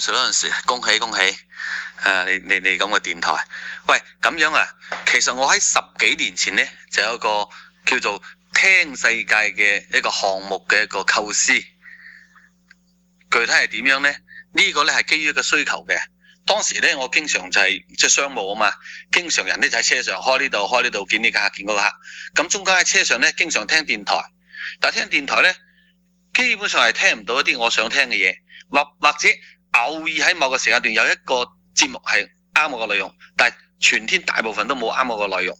嗰陣時恭喜恭喜！誒、啊，你你你咁嘅電台，喂咁樣啊。其實我喺十幾年前呢，就有一個叫做聽世界嘅一個項目嘅一個構思。具體係點樣呢？呢、這個呢係基於一個需求嘅。當時呢，我經常就係即係商務啊嘛，經常人呢就喺車上開呢度開呢度，見呢個客見嗰個客。咁中間喺車上呢，經常聽電台，但聽電台呢，基本上係聽唔到一啲我想聽嘅嘢，或或者。偶爾喺某個時間段有一個節目係啱我個內容，但係全天大部分都冇啱我個內容。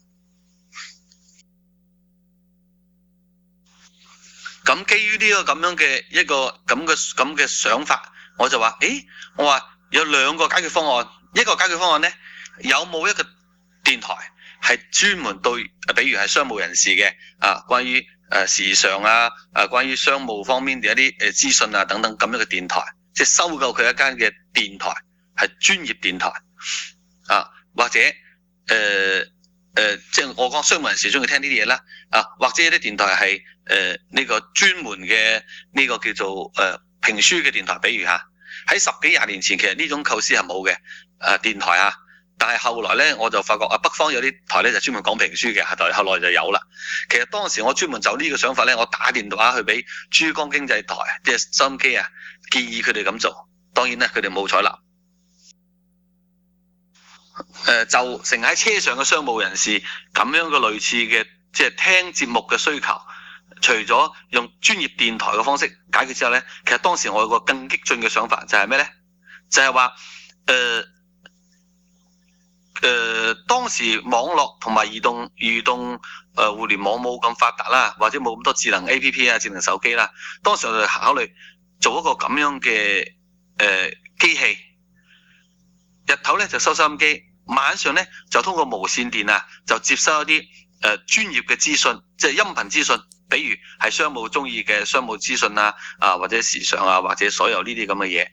咁基於呢個咁樣嘅一個咁嘅咁嘅想法，我就話：誒、欸，我話有兩個解決方案。一個解決方案呢，有冇一個電台係專門對，比如係商務人士嘅啊，關於誒時尚啊，啊，關於商務方面嘅一啲誒資訊啊等等咁樣嘅電台？即係收購佢一間嘅電台，係專業電台啊，或者誒誒、呃呃，即係我講商務人士中意聽呢啲嘢啦啊，或者一啲電台係誒呢個專門嘅呢、呢個叫做誒、呃、評書嘅電台，比如嚇喺、啊、十幾廿年前，其實呢種構思係冇嘅誒電台啊。但係後來咧，我就發覺啊，北方有啲台咧就是、專門講評書嘅台，後來就有啦。其實當時我專門就呢個想法咧，我打電話去俾珠江經濟台即係三 K 啊，建議佢哋咁做。當然咧，佢哋冇採納。誒、呃，就成喺車上嘅商務人士咁樣嘅類似嘅，即、就、係、是、聽節目嘅需求，除咗用專業電台嘅方式解決之後咧，其實當時我有個更激進嘅想法就，就係咩咧？就係話誒。誒、呃、當時網絡同埋移動移動誒互聯網冇咁發達啦，或者冇咁多智能 A P P 啊、智能手機啦。當時我就考慮做一個咁樣嘅誒機器，日頭咧就收收音機，晚上咧就通過無線電啊就接收一啲誒專業嘅資訊，即係音頻資訊，比如係商務鍾意嘅商務資訊啊，啊或者時尚啊或者所有呢啲咁嘅嘢，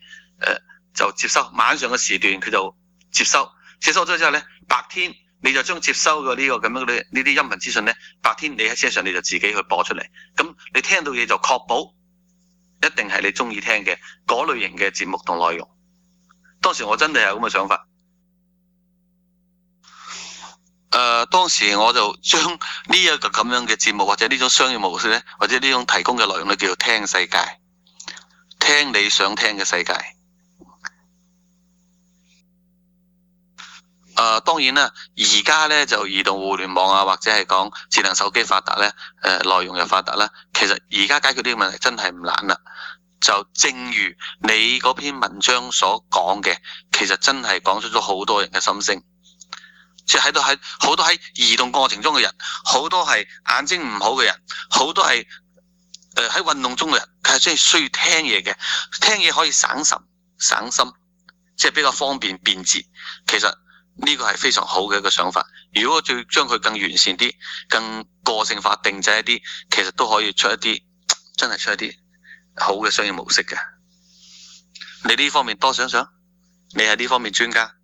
誒就接收，晚上嘅時段佢就接收。接收咗之後咧，白天你就將接收嘅呢個咁樣嘅呢啲音頻資訊咧，白天你喺車上你就自己去播出嚟，咁你聽到嘢就確保一定係你中意聽嘅嗰類型嘅節目同內容。當時我真係有咁嘅想法，誒、呃，當時我就將呢一個咁樣嘅節目或者呢種商業模式咧，或者呢種提供嘅內容咧，都叫做聽世界，聽你想聽嘅世界。誒、呃、當然啦，而家咧就移動互聯網啊，或者係講智能手機發達咧，誒、呃、內容又發達啦。其實而家解決呢個問題真係唔難啦。就正如你嗰篇文章所講嘅，其實真係講出咗好多人嘅心聲，即係喺度，喺好多喺移動過程中嘅人，好多係眼睛唔好嘅人，好多係誒喺運動中嘅人，佢係真係需要聽嘢嘅，聽嘢可以省神省心，即係比較方便便捷。其實。呢個係非常好嘅一個想法，如果再將佢更完善啲、更個性化、定製一啲，其實都可以出一啲真係出一啲好嘅商業模式嘅。你呢方面多想想，你係呢方面專家。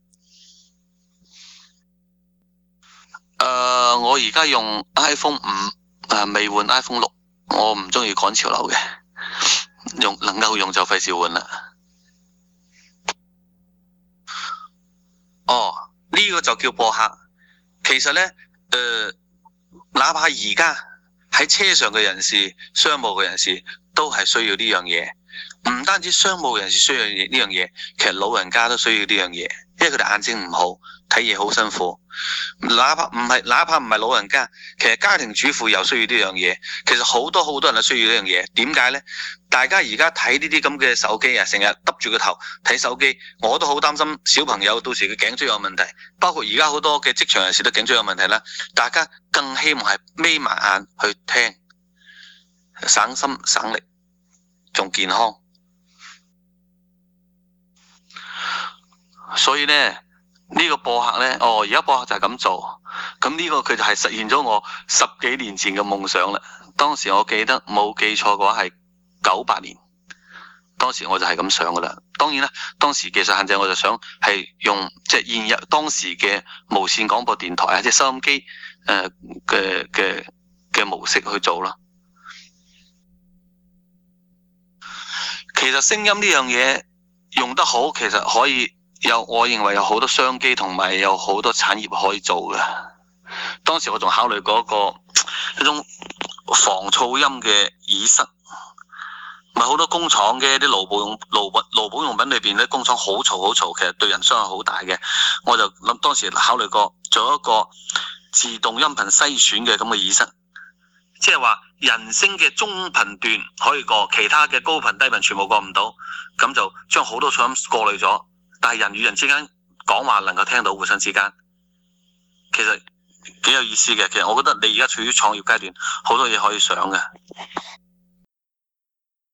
誒、呃，我而家用 iPhone 五誒、呃、未換 iPhone 六，我唔鍾意趕潮流嘅，用能夠用就費事換啦。呢個就叫播客。其實咧，誒、呃，哪怕而家喺車上嘅人士、商務嘅人士，都係需要呢樣嘢。唔單止商務人士需要呢樣嘢，其實老人家都需要呢樣嘢。因為佢哋眼睛唔好，睇嘢好辛苦。哪怕唔係，哪怕唔係老人家，其實家庭主婦又需要呢樣嘢。其實好多好多人都需要呢樣嘢。點解呢？大家而家睇呢啲咁嘅手機啊，成日耷住個頭睇手機，我都好擔心小朋友到時嘅頸椎有問題。包括而家好多嘅職場人士都頸椎有問題啦。大家更希望係眯埋眼去聽，省心省力，仲健康。所以呢，呢、呢個播客呢，哦，而家播客就係咁做，咁呢個佢就係實現咗我十幾年前嘅夢想啦。當時我記得冇記錯嘅話係九八年，當時我就係咁想噶啦。當然啦，當時技術限制，我就想係用即係現入當時嘅無線廣播電台即係收音機嘅嘅嘅模式去做啦。其實聲音呢樣嘢用得好，其實可以。有，我認為有好多商機，同埋有好多產業可以做嘅。當時我仲考慮過一個一種防噪音嘅耳塞，咪好多工廠嘅啲勞保用勞保用品裏邊，啲工廠好嘈好嘈，其實對人傷害好大嘅。我就諗當時考慮過做一個自動音頻篩選嘅咁嘅耳塞，即係話人聲嘅中頻段可以過，其他嘅高頻低頻全部過唔到，咁就將好多噪音過濾咗。但係人與人之間講話能夠聽到，互相之間其實幾有意思嘅。其實我覺得你而家處於創業階段，好多嘢可以想嘅。